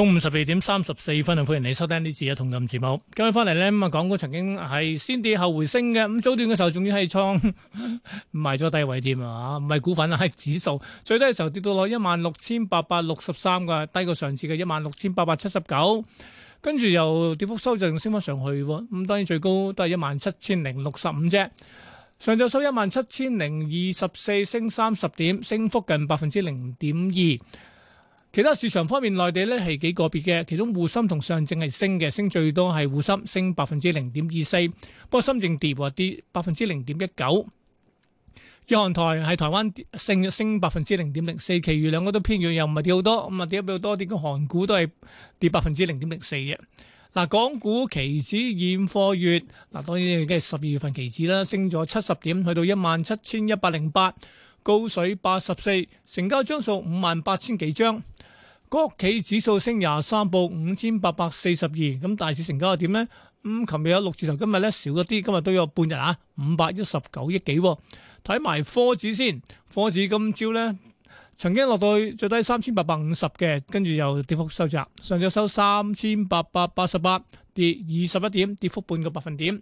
中午十二點三十四分，歡迎你收聽呢次嘅《同音節目》。今日翻嚟呢，咁啊，港股曾經係先跌後回升嘅，咁早段嘅時候仲要係創埋咗低位添啊，唔係股份啊，係指數最低嘅時候跌到落一萬六千八百六十三嘅，低過上次嘅一萬六千八百七十九，跟住又跌幅收窄升翻上去。咁當然最高都係一萬七千零六十五啫。上晝收一萬七千零二十四，升三十點，升幅近百分之零點二。其他市場方面，內地咧係幾個別嘅，其中滬深同上證係升嘅，升最多係滬深升百分之零點二四，不過深證跌喎跌百分之零點一九。日韓台係台灣跌升升百分之零點零四，其餘兩個都偏軟，又唔係跌好多，咁啊跌得比較多啲嘅韓股都係跌百分之零點零四嘅。嗱，港股期指現貨月嗱，當然已經係十二月份期指啦，升咗七十點，去到一萬七千一百零八，高水八十四，成交數 58, 張數五萬八千幾張。國企指數升廿三報五千八百四十二，咁大市成交又點呢？咁琴日有六字頭，今日咧少咗啲，今日都有半日啊五百一十九億幾。睇埋科指先，科指今朝咧曾經落到去最低三千八百五十嘅，跟住又跌幅收窄，上晝收三千八百八十八，跌二十一點，跌幅半個百分點。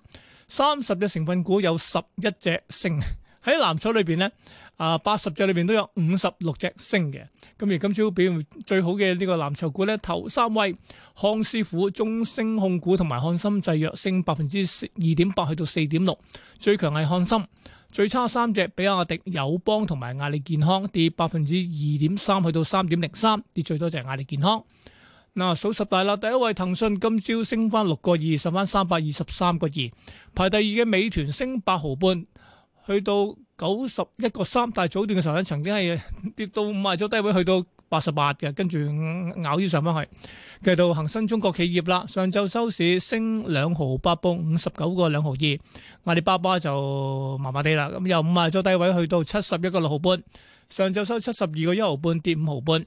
三十隻成分股有十一隻升，喺藍籌裏邊咧。啊，八十隻裏邊都有五十六隻升嘅，咁而今朝表現最好嘅呢個藍籌股呢，頭三位，康師傅、中升控股同埋翰森製藥升百分之二點八去到四點六，最強係翰森，最差三隻，比亞迪、友邦同埋阿里健康跌百分之二點三去到三點零三，跌最多就係阿里健康。嗱，數十大啦，第一位騰訊今朝升翻六個二，剩翻三百二十三個二，排第二嘅美團升八毫半。去到九十一個三大組段嘅時候咧，曾經係跌到五十周低位去咬咬去，去到八十八嘅，跟住咬腰上翻去。繼續到恒生中國企業啦，上晝收市升兩毫八，報五十九個兩毫二。阿里巴巴就麻麻地啦，咁由五十周低位去到七十一個六毫半。上晝收七十二個一毫半，跌五毫半。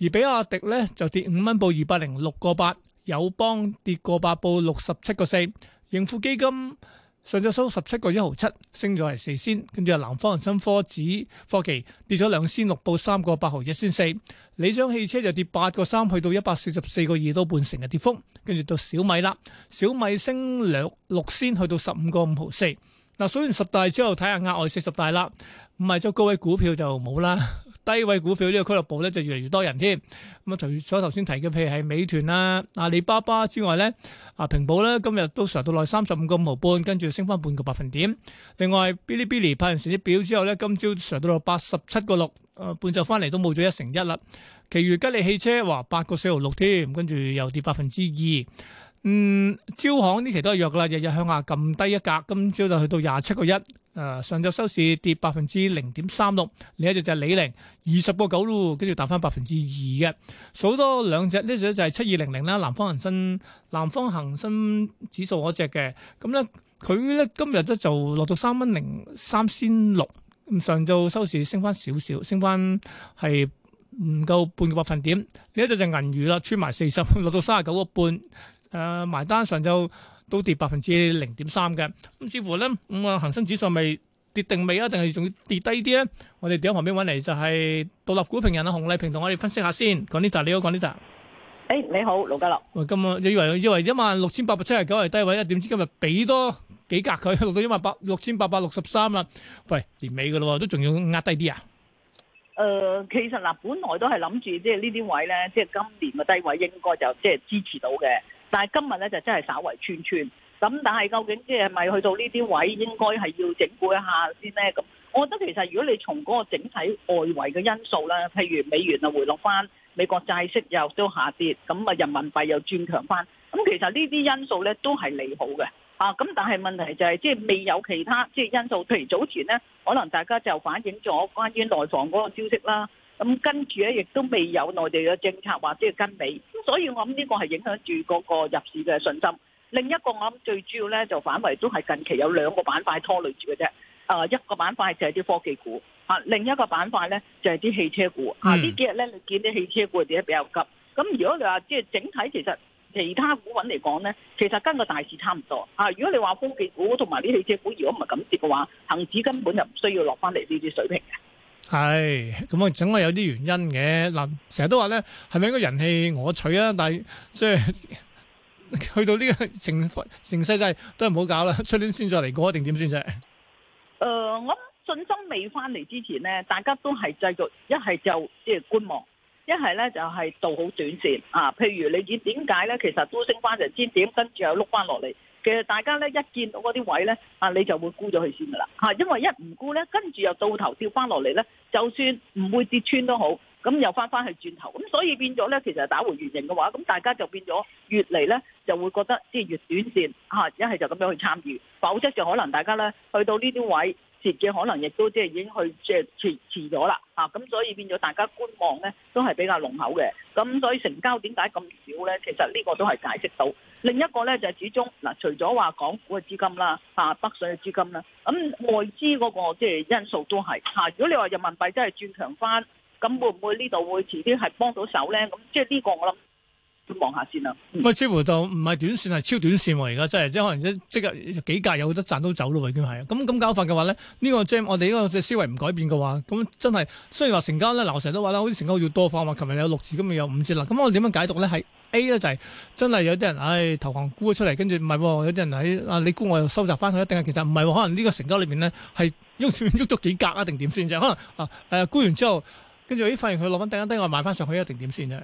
而比亞迪咧就跌五蚊，報二百零六個八。友邦跌個八，報六十七個四。盈富基金。上咗收十七個一毫七，升咗係四仙，跟住南方恆生科指科技跌咗兩仙六，報三個八毫一仙四。理想汽車就跌八個三，去到一百四十四個二多半成嘅跌幅，跟住到小米啦，小米升兩六仙，去到十五個五毫四。嗱、啊，數完十大之後，睇下額外四十大啦，唔係就高位股票就冇啦。低位股票呢個俱樂部咧就越嚟越多人添，咁啊除咗頭先提嘅，譬如係美團啦、阿里巴巴之外咧，啊平保咧今日都上到來三十五個五毫半，跟住升翻半個百分點。另外，Bilibili 派完成績表之後咧，今朝上到來八十七個六，半晝翻嚟都冇咗一成一啦。其餘吉利汽車話八個四毫六添，跟住又跌百分之二。嗯，招行呢期都係弱啦，日日向下咁低一格，今朝就去到廿七個一。誒、呃，上晝收市跌百分之零點三六，另一隻、這個、就係李寧二十個九咯，跟住彈翻百分之二嘅，數多兩隻呢隻就係七二零零啦，南方恒生南方恒生指數嗰隻嘅，咁咧佢咧今日咧就落到三蚊零三仙六，上晝收市升翻少少，升翻係唔夠半個百分點，呢一隻就銀娛啦，穿埋四十落到三十九個半，誒、呃、埋單上晝。都跌百分之零點三嘅，咁似乎咧，咁啊恒生指數未跌定未啊？定係仲要跌低啲咧？我哋點喺旁邊揾，嚟就係獨立股評人啊，熊麗萍同我哋分析下先。講呢達你好，講呢達，誒你好，盧家樂。喂，今日以為以為一萬六千八百七十九係低位，一點知今日畀多幾格佢，落到一萬八六千八百六十三啦。喂，年尾噶咯，都仲要壓低啲啊？誒，其實嗱，本來都係諗住即係呢啲位咧，即係今年嘅低位應該就即係支持到嘅。但係今日咧就真係稍為串串咁，但係究竟即係咪去到呢啲位應該係要整固一下先呢？咁我覺得其實如果你從嗰個整體外圍嘅因素啦，譬如美元啊回落翻，美國債息又都下跌，咁啊人民幣又轉強翻，咁其實呢啲因素呢，都係利好嘅啊！咁但係問題就係、是、即係未有其他即係因素，譬如早前呢，可能大家就反映咗關於內房嗰個消息啦。咁跟住咧，亦都未有內地嘅政策或者係跟尾，咁所以我諗呢個係影響住嗰個入市嘅信心。另一個我諗最主要咧就反為都係近期有兩個板塊拖累住嘅啫。啊、呃，一個板塊就係啲科技股，啊，另一個板塊咧就係、是、啲汽車股。啊，這幾呢幾日咧你見啲汽車股跌得比較急。咁如果你話即係整體其實其他股份嚟講咧，其實跟個大市差唔多。啊，如果你話科技股同埋啲汽車股如果唔係咁跌嘅話，恒指根本就唔需要落翻嚟呢啲水平嘅。係，咁啊，總係有啲原因嘅。嗱，成日都話咧，係咪應該人氣我取啊？但係即係去到呢個盛盛勢，真係都係唔好搞啦。出年先再嚟過，一定點先啫？誒、呃，我諗信心未翻嚟之前咧，大家都係繼續一係就即係、就是、觀望，一係咧就係、是、做好短線啊。譬如你以點解咧，其實都升翻就知點，跟住又碌翻落嚟。其實大家咧一見到嗰啲位咧，啊你就會沽咗佢先噶啦，吓，因為一唔沽咧，跟住又到頭掉翻落嚟咧，就算唔會跌穿都好，咁又翻翻去轉頭，咁所以變咗咧，其實打回原形嘅話，咁大家就變咗越嚟咧就會覺得即係越短線，吓，一係就咁樣去參與，否則就可能大家咧去到呢啲位。嘅可能亦都即係已經去即係遲遲咗啦嚇，咁、啊、所以變咗大家觀望咧，都係比較濃厚嘅，咁所以成交點解咁少咧？其實呢個都係解釋到。另一個咧就係、是、始終嗱、啊，除咗話港股嘅資金啦，嚇、啊、北上嘅資金啦，咁外資嗰個即係因素都係嚇、啊。如果你話人民幣真係轉強返，咁會唔會呢度會遲啲係幫到手咧？咁即係呢個我諗。都望下先啦。喂、嗯，似乎就唔係短線，係超短線喎、啊。而家真係，即係可能即即係幾格有得賺都走咯。已經係咁咁搞法嘅話咧，呢、個即係，我哋呢個思維唔改變嘅話，咁真係雖然話成交咧，嗱我成日都話啦，好似成交要多方啊。琴日有六字，今日有五字啦。咁我點樣解讀咧？係 A 咧就係真係有啲人唉、哎，投行沽咗出嚟，跟住唔係有啲人喺啊，你沽我又收集翻佢，一定係其實唔係、啊，可能呢個成交裏邊咧係喐少喐咗幾格啊，定點先啫？可能啊誒，沽、呃、完之後，跟住咦發現佢落翻低，低我賣翻上去一定點先啫？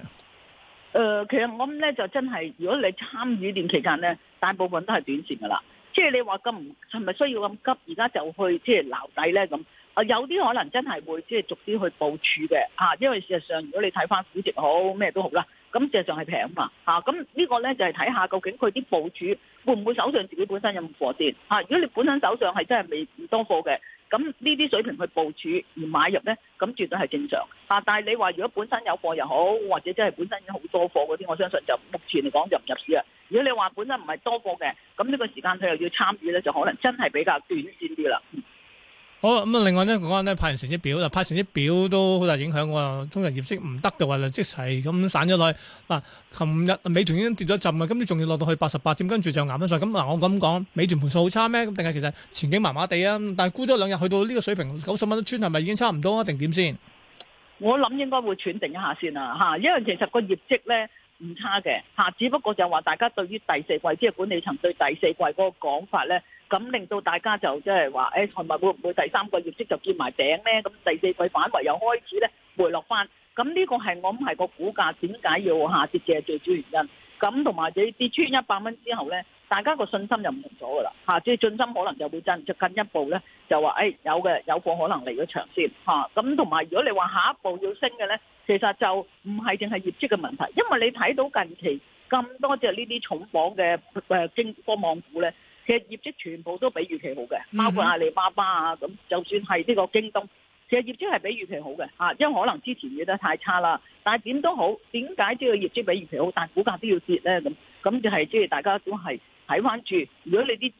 誒、呃，其實我諗咧就真係，如果你參與段期間咧，大部分都係短線噶啦。即係你話咁唔係咪需要咁急而家就去即係留底咧咁，啊，有啲可能真係會即係逐啲去部署嘅，因為事實上如果你睇翻小節估值好咩都好啦，咁事實上係平嘛。咁呢個咧就係睇下究竟佢啲部署會唔會手上自己本身有冇貨先。如果你本身手上係真係未唔多貨嘅。咁呢啲水平去部署而買入呢，咁絕對係正常啊！但係你話如果本身有貨又好，或者即係本身已經好多貨嗰啲，我相信就目前嚟講就唔入市啦。如果你話本身唔係多貨嘅，咁呢個時間佢又要參與呢，就可能真係比較短線啲啦。好咁啊！另外咧講咧，派完成績表啦，派成績表都好大影響㗎。通常業績唔得嘅話即係咁散咗落。嗱，琴日美團已經跌咗浸嘅，今次仲要落到去八十八點，跟住就挨返上。咁嗱，我咁講，美團盤數好差咩？咁定係其實前景麻麻地啊？但沽咗兩日去到呢個水平九十蚊一串，係咪已經差唔多啊？定點先？我諗應該會斷定一下先啦，嚇！因為其實個業績咧唔差嘅嚇，只不過就話大家對於第四季即係管理層對第四季嗰個講法咧。咁令到大家就即係話，誒同埋會唔會第三個業績就見埋頂咧？咁第四季反而又開始咧回落翻，咁呢個係我諗係個股價點解要下跌嘅最主要原因。咁同埋你跌穿一百蚊之後咧，大家個信心就唔同咗噶啦，嚇、啊，即係信心可能就會進就近一步咧，就話誒、哎、有嘅有貨可能嚟咗場先嚇。咁同埋如果你話下一步要升嘅咧，其實就唔係淨係業績嘅問題，因為你睇到近期咁多隻呢啲重磅嘅誒經科網股咧。其實業績全部都比預期好嘅，包括阿里巴巴啊，咁就算係呢個京東，其實業績係比預期好嘅，吓，因為可能之前跌得太差啦。但係點都好，點解即係業績比預期好，但係股價都要跌咧？咁咁就係即係大家都係睇翻住。如果你啲資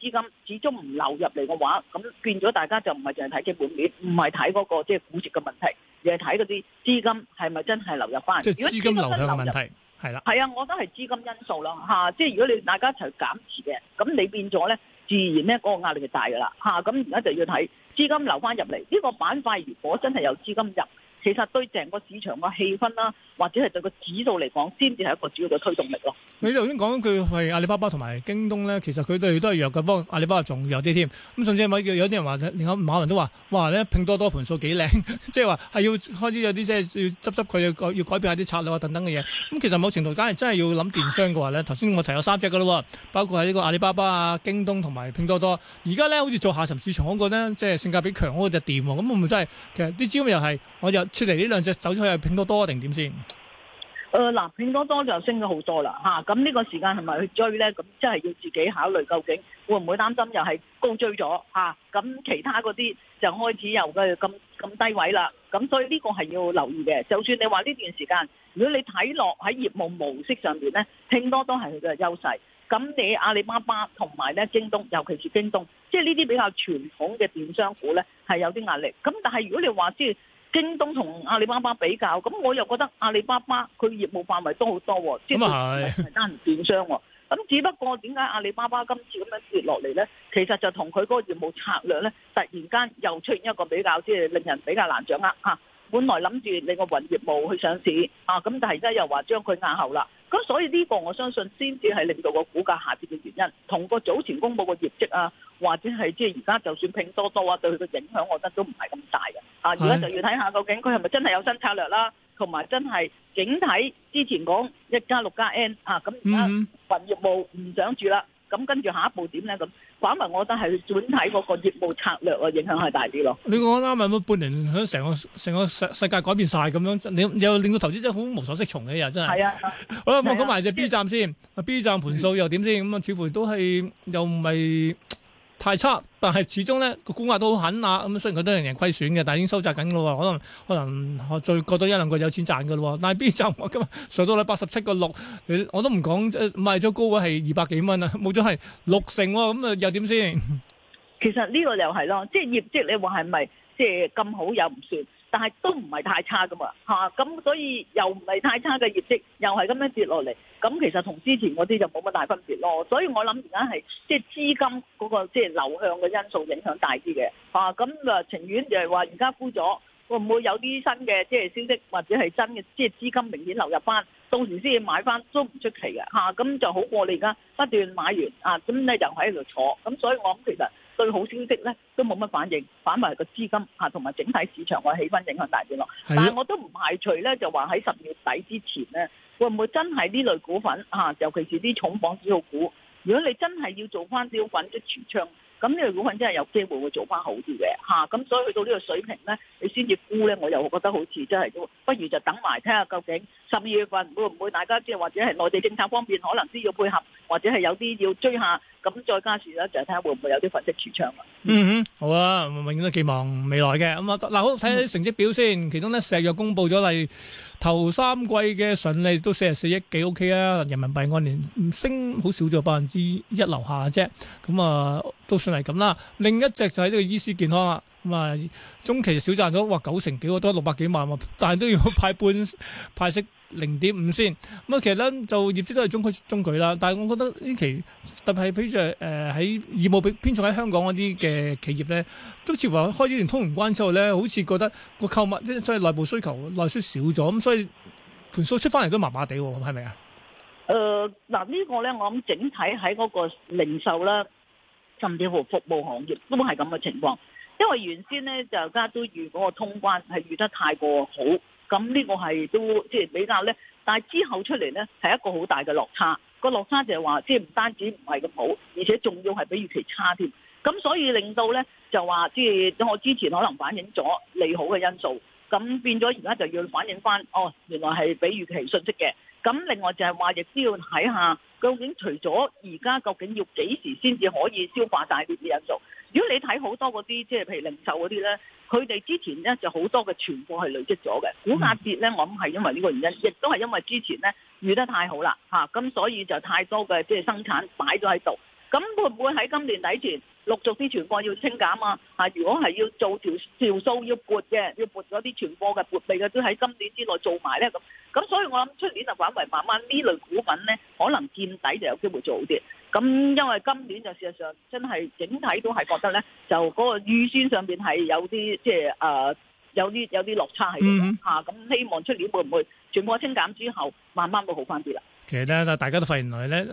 金始終唔流入嚟嘅話，咁變咗大家就唔係淨係睇基本面，唔係睇嗰個即係估值嘅問題，而係睇嗰啲資金係咪真係流入翻？即係資金流向嘅問題。係啦，係啊，我覺得係資金因素咯，吓，即係如果你大家一齊減持嘅，咁你變咗咧，自然咧、嗰個壓力就大噶啦，吓，咁而家就要睇資金流翻入嚟，呢個板塊，如果真係有資金入。其實對整個市場嘅氣氛啦，或者係對個指數嚟講，先至係一個主要嘅推動力咯。你頭先講一句係阿里巴巴同埋京東咧，其實佢哋都係弱嘅，不過阿里巴巴仲弱啲添。咁甚至係有有啲人話，連阿馬雲都話：哇！咧拼多多盤數幾靚，即係話係要開始有啲即係要執執佢，要改變下啲策略啊等等嘅嘢。咁其實某程度，梗係真係要諗電商嘅話咧。頭先我提咗三隻嘅咯，包括係呢個阿里巴巴啊、京東同埋拼多多。而家咧，好似做下沉市場嗰個咧，即係性價比強嗰隻店喎。咁會唔會真係其實啲資金又係我就。出嚟呢兩隻走出去，拼多多定點先？誒嗱、呃，拼多多就升咗好多啦嚇！咁呢個時間係咪去追咧？咁即係要自己考慮，究竟會唔會擔心又係高追咗嚇？咁、啊、其他嗰啲就開始又嘅咁咁低位啦。咁所以呢個係要留意嘅。就算你話呢段時間，如果你睇落喺業務模式上面咧，拼多多係佢嘅優勢。咁你阿里巴巴同埋咧京東，尤其是京東，即係呢啲比較傳統嘅電商股咧，係有啲壓力。咁但係如果你話即係，京東同阿里巴巴比較，咁我又覺得阿里巴巴佢業務範圍都好多，即係唔係單係電商喎。咁 只不過點解阿里巴巴今次咁樣跌落嚟呢？其實就同佢嗰個業務策略呢，突然間又出現一個比較，即係令人比較難掌握嚇。啊，本來諗住你個雲業務去上市啊，咁但係而家又話將佢押後啦。咁所以呢個我相信先至係令到個股價下跌嘅原因，同個早前公佈嘅業績啊，或者係即係而家就算拼多多啊對佢嘅影響，我覺得都唔係咁大嘅。啊，而家就要睇下究竟佢係咪真係有新策略啦，同埋真係整體之前講一加六加 N 啊，咁而家雲業務唔想住啦，咁跟住下一步點咧咁？反為，我覺得係轉體嗰個業務策略啊，影響係大啲咯。你講啱啱咪半年響成個成個世世界改變晒咁樣，你又令到投資者好無所適從嘅，又真係。係啊， 好啦，講埋隻 B 站先 ，B 站盤數又點先？咁啊，似乎都係又唔係太差，但係始終咧個股價都好狠啊！咁雖然佢都仍然虧損嘅，但係已經收窄緊嘅喎。可能可能再過多一兩個有錢賺嘅咯。但係 B 站我今日上到嚟八十七個六，我都唔講賣咗高位係二百幾蚊啊，冇咗係六成喎。咁啊又點先？其實呢個又係咯，即係業績你話係咪即係咁好又唔算？但係都唔係太差㗎嘛，嚇、啊、咁所以又唔係太差嘅業績，又係咁樣跌落嚟，咁其實同之前嗰啲就冇乜大分別咯。所以我諗而家係即係資金嗰、那個即係、就是、流向嘅因素影響大啲嘅，啊咁啊情願就係話而家沽咗，會唔會有啲新嘅即係消息或者係新嘅即係資金明顯流入翻，到時先至買翻都唔出奇嘅，嚇、啊、咁就好過你而家不斷買完啊，咁咧就喺度坐，咁所以我諗其實。對好消息咧，都冇乜反應，反為個資金吓同埋整體市場嘅氣氛影響大市咯。但係我都唔排除咧，就話喺十月底之前咧，會唔會真係呢類股份吓、啊，尤其是啲重磅醫藥股，如果你真係要做翻啲股份即係全倉，咁呢類股份真係有機會會做翻好啲嘅吓。咁、啊、所以去到呢個水平咧，你先至沽咧，我又覺得好似真係都不如就等埋聽下看看究竟十二月份會唔會大家即係或者係內地政策方面可能先要配合，或者係有啲要追下。咁再加住咧，就睇下會唔會有啲粉飾櫥窗啊？嗯哼，好啊，永遠都寄望未來嘅。咁啊，嗱，好睇下啲成績表先。其中咧，石藥公布咗例頭三季嘅純利都四十四億幾，OK 啊，人民幣按年升好少，咗百分之一樓下啫。咁啊，都算係咁啦。另一隻就喺呢個醫師健康啦。咁啊，中期少賺咗哇九成幾，都六百幾萬嘛，但係都要派半派息。 零點五先咁啊！其實咧，就業績都係中規中矩啦。但係我覺得呢期特別係，譬如誒喺業務比重喺香港嗰啲嘅企業咧，都似乎開咗完通完關之後咧，好似覺得個購物即係內部需求內需少咗，咁所以盤數出翻嚟都麻麻地喎，係咪啊？誒、呃、嗱，這個、呢個咧，我諗整體喺嗰個零售啦，甚至乎服務行業都係咁嘅情況，因為原先咧就大家都預嗰個通關係預得太過好。咁呢個係都即係、就是、比較咧，但係之後出嚟咧係一個好大嘅落差，個落差就係話即係唔單止唔係咁好，而且仲要係比預期差添。咁所以令到咧就話即係我之前可能反映咗利好嘅因素，咁變咗而家就要反映翻，哦，原來係比預期信息嘅。咁另外就係話亦都要睇下究竟除咗而家究竟要幾時先至可以消化大啲嘅因素。如果你睇好多嗰啲，即係譬如零售嗰啲咧，佢哋之前咧就好多嘅存貨係累積咗嘅，股價跌咧，我諗係因為呢個原因，亦都係因為之前咧預得太好啦，嚇、啊，咁所以就太多嘅即係生產擺咗喺度。咁會唔會喺今年底前陸續啲傳播要清減啊？啊，如果係要做條條數要撥嘅，要撥咗啲傳播嘅撥備嘅，都喺今年之內做埋咧咁。咁所以我諗出年就反為慢慢呢類股份咧，可能見底就有機會做好啲。咁因為今年就事實上真係整體都係覺得咧，就嗰個預算上面係有啲即係誒有啲有啲落差喺度嚇。咁、mm-hmm. 啊、希望出年會唔會全部清減之後，慢慢會好翻啲啦。其實咧，但係大家都發現來咧，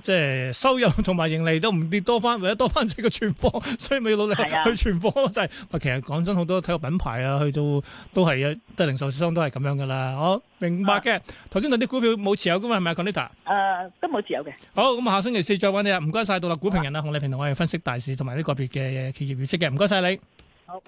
即係收入同埋盈利都唔跌多翻，唯一多翻就係個存貨，所以咪要努力去存貨咯，就係。喂，其實講真，好多體育品牌啊，去到都係啊，都係零售商都係咁樣噶啦，我明白嘅。頭先嗰啲股票冇持有噶嘛，係咪啊，Connyda？誒，都冇持有嘅。好，咁啊，下星期四再揾你啊，唔該晒，到啦，股評人啦，熊麗萍同我哋分析大市同埋啲個別嘅企業預測嘅，唔該晒你。好。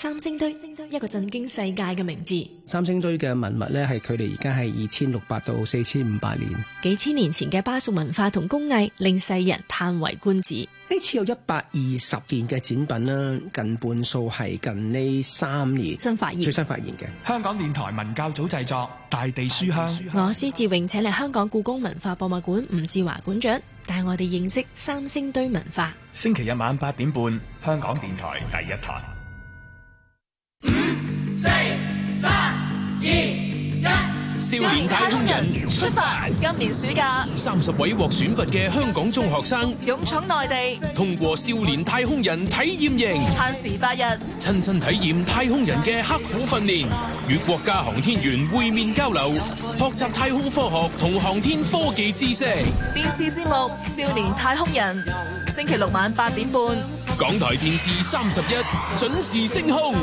三星堆，三星堆一個震驚世界嘅名字。三星堆嘅文物咧，係距離而家係二千六百到四千五百年。幾千年前嘅巴蜀文化同工藝，令世人嘆為觀止。呢次有一百二十件嘅展品啦，近半數係近呢三年新發現最新發現嘅。香港電台文教組製作《大地書香》書香，我施志榮請嚟香港故宮文化博物館吳志華館長帶我哋認識三星堆文化。星期日晚八點半，香港電台第一台。二一少年太空人出發，今年暑假三十位獲選拔嘅香港中學生勇闖內地，通過少年太空人體驗營，限時八日，親身體驗太空人嘅刻苦訓練，與國家航天員會面交流，學習太空科學同航天科技知識。電視節目《少年太空人》，星期六晚八點半，港台電視三十一，準時升空。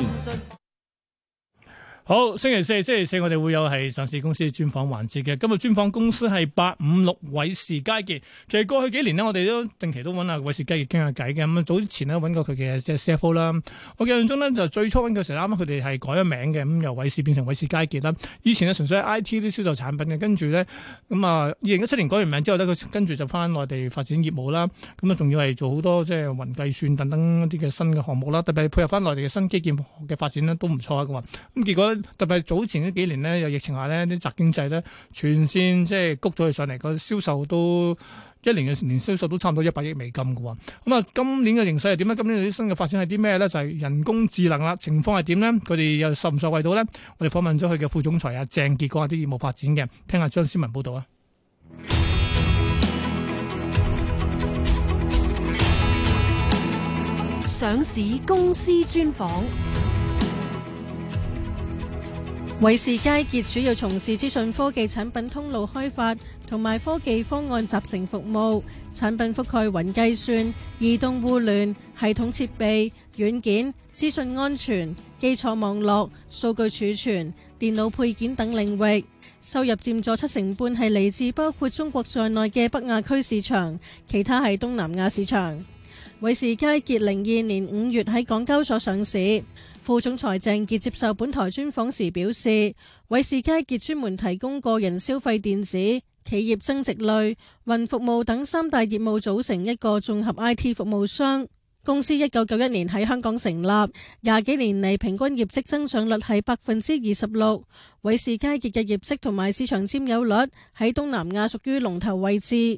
好，星期四星期四我哋會有係上市公司專訪環節嘅。今日專訪公司係八五六偉士佳杰。其實過去幾年呢，我哋都定期都揾下偉士佳杰傾下偈嘅。咁早前呢，揾過佢嘅即係 CFO 啦。我印象中呢，就最初揾佢嘅時候，啱啱佢哋係改咗名嘅，咁由偉士變成偉士佳杰啦。以前呢，純粹係 I T 啲銷售產品嘅，跟住呢，咁啊，二零一七年改完名之後呢，佢跟住就翻內地發展業務啦。咁啊，仲要係做好多即係雲計算等等一啲嘅新嘅項目啦。特別配合翻內地嘅新基建嘅發展呢，都唔錯嘅。咁結果特別早前嗰幾年呢，有疫情下呢，啲宅經濟呢，全線即係谷咗佢上嚟，個銷售都一年嘅年銷售都差唔多一百億美金噶喎。咁啊，今年嘅形勢係點咧？今年啲新嘅發展係啲咩呢？就係、是、人工智能啦，情況係點呢？佢哋又受唔受惠到呢？我哋訪問咗佢嘅副總裁啊，鄭杰講下啲業務發展嘅，聽下張思文報道啊。上市公司專訪。偉士佳杰主要從事資訊科技產品通路開發同埋科技方案集成服務，產品覆蓋雲計算、移動互聯、系統設備、軟件、資訊安全、基礎網絡、數據儲存、電腦配件等領域。收入佔咗七成半係嚟自包括中國在內嘅北亞區市場，其他係東南亞市場。偉士佳杰零二年五月喺港交所上市。副總裁鄭傑接受本台專訪時表示，偉士佳傑專門提供個人消費電子、企業增值類雲服務等三大業務，組成一個綜合 IT 服務商。公司一九九一年喺香港成立，廿幾年嚟，平均業績增長率係百分之二十六。偉士佳傑嘅業績同埋市場占有率喺東南亞屬於龍頭位置。